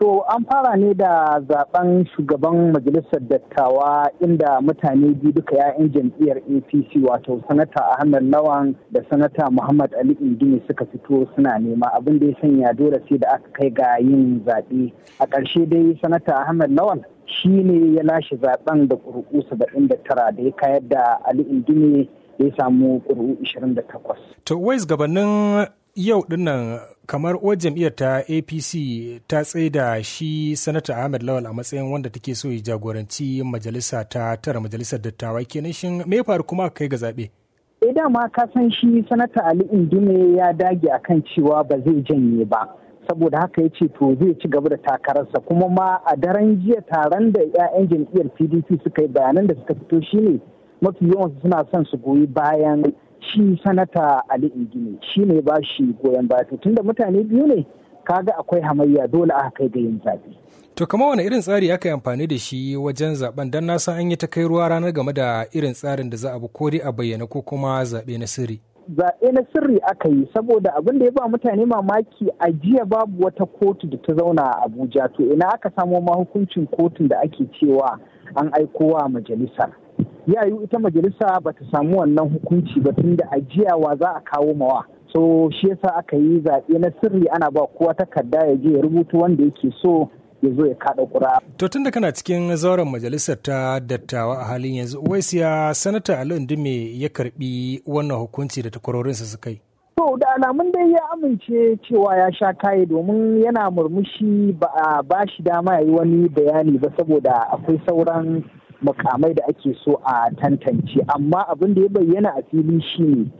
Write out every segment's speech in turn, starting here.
To an fara ne da zaben shugaban majalisar dattawa inda mutane biyu duka 'ya'yan jam'iyyar APC wato sanata Ahmed Lawan da sanata Muhammad Ali Indini suka fito suna nema abin da ya sanya dole sai da aka kai ga yin zaɓe. A ƙarshe dai sanata Ahmed Lawan shi ne ya lashe zaben da ƙuruƙu 79 da ya kayar da Ali Indini ya samu ƙuri'u 28. To wais gabanin yau dinnan kamar uwar jam'iyyar ta apc ta tsaida shi sanata ahmed lawal a matsayin wanda take so ya jagoranci majalisa ta tara majalisar dattawa kenan shin me faru kuma kai ga zaɓe idan eh, ma ka san shi sanata ali indume ya dage a kan cewa ba zai janye ba saboda haka ya ce to zai ci gaba da takararsa kuma ma a daren jiya taron da 'ya'yan jam'iyyar pdp suka yi bayanan da suka fito shine mafi yawansu suna son su goyi bayan shi sanata ali ingini shi ne ba shi goyon baya to tunda mutane biyu ne kaga akwai hamayya dole aka kai ga yin zaɓe. to kama wani irin tsari aka yi amfani da shi wajen zaben don na san an yi ta kai ruwa ranar game da irin tsarin da za a bi ko dai a bayyana ko kuma zaɓe na sirri. zaɓe na sirri aka yi saboda abin da ya ba mutane mamaki a jiya babu wata kotu da ta zauna a abuja to ina aka samo mahukuncin kotun da ake cewa an aiko wa majalisar ya yi ita majalisa ba ta samu wannan hukunci ba tun da ajiyawa za a kawo mawa so shi yasa aka yi zaɓe na sirri ana ba kowa takarda ya je ya rubuta wanda yake so ya zo ya kaɗa ƙura. To tun da kana cikin zauren majalisar ta dattawa a halin yanzu, Uwaisiya sanata Ali Indume ya karbi wannan hukunci da takwarorinsa su kai. To da alamun dai ya amince cewa ya sha kaye domin yana murmushi ba a ba shi dama ya yi wani bayani ba saboda akwai sauran mukamai da ake so a tantance amma abin da ya bayyana a fili shine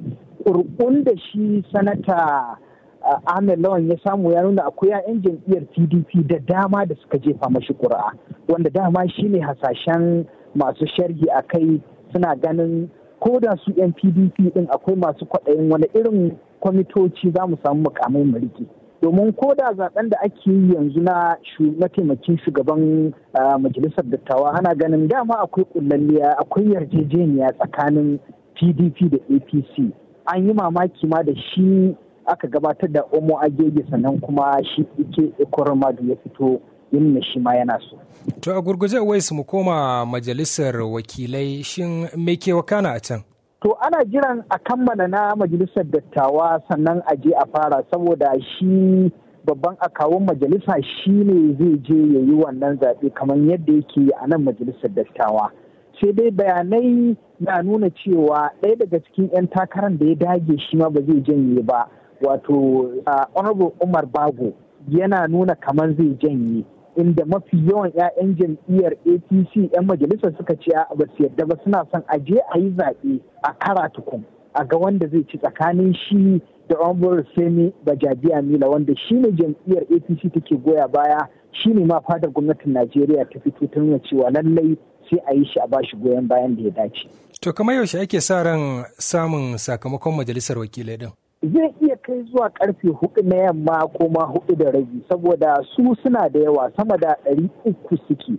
kurkun da shi sanata uh, ahmed lawan ya samu ya nuna akwai 'ya'yan jam'iyyar pdp da dama da suka jefa mashi ƙuri'a wanda dama shi ne hasashen masu sharhi a kai suna ganin ko da su 'yan pdp din akwai masu kwaɗayin wani irin kwamitoci za mu samu mukamai mulki domin ko da zaben da ake yi yanzu na mataimakin shugaban majalisar dattawa ana ganin dama akwai kullalliya akwai yarjejeniya tsakanin pdp da apc an yi mamaki ma da shi aka gabatar da omo agege sannan kuma shi ike ikoromadu ya fito yin shi ma yana so. to a gurguje wai su mu koma majalisar wakilai shin me ke wakana a can To ana jiran a kammala na majalisar dattawa sannan a je a fara saboda shi babban akawun majalisa shi ne zai je ya yi wannan zaɓe kamar yadda yake a nan majalisar dattawa. Sai dai bayanai na nuna cewa ɗaya daga cikin 'yan takarar da ya dage shi ma ba zai janye ba wato honorable Umar Bago yana nuna kamar zai janye. inda mafi yawan 'ya'yan jam'iyyar apc 'yan majalisar suka ce a ba su yadda ba suna son a je a yi zaɓe a kara tukun a ga wanda zai ci tsakanin shi da Omar Sani Bajabiya Mila wanda shi ne jam'iyyar APC take goya baya shi ne ma fadar gwamnatin Najeriya ta fito ta nuna cewa lallai sai a yi shi a bashi goyon bayan da ya dace. To kamar yaushe ake sa ran samun sakamakon majalisar wakilai din? zai iya kai zuwa karfe hudu na yamma ko ma hudu da rabi saboda su suna da yawa sama da ɗari uku suke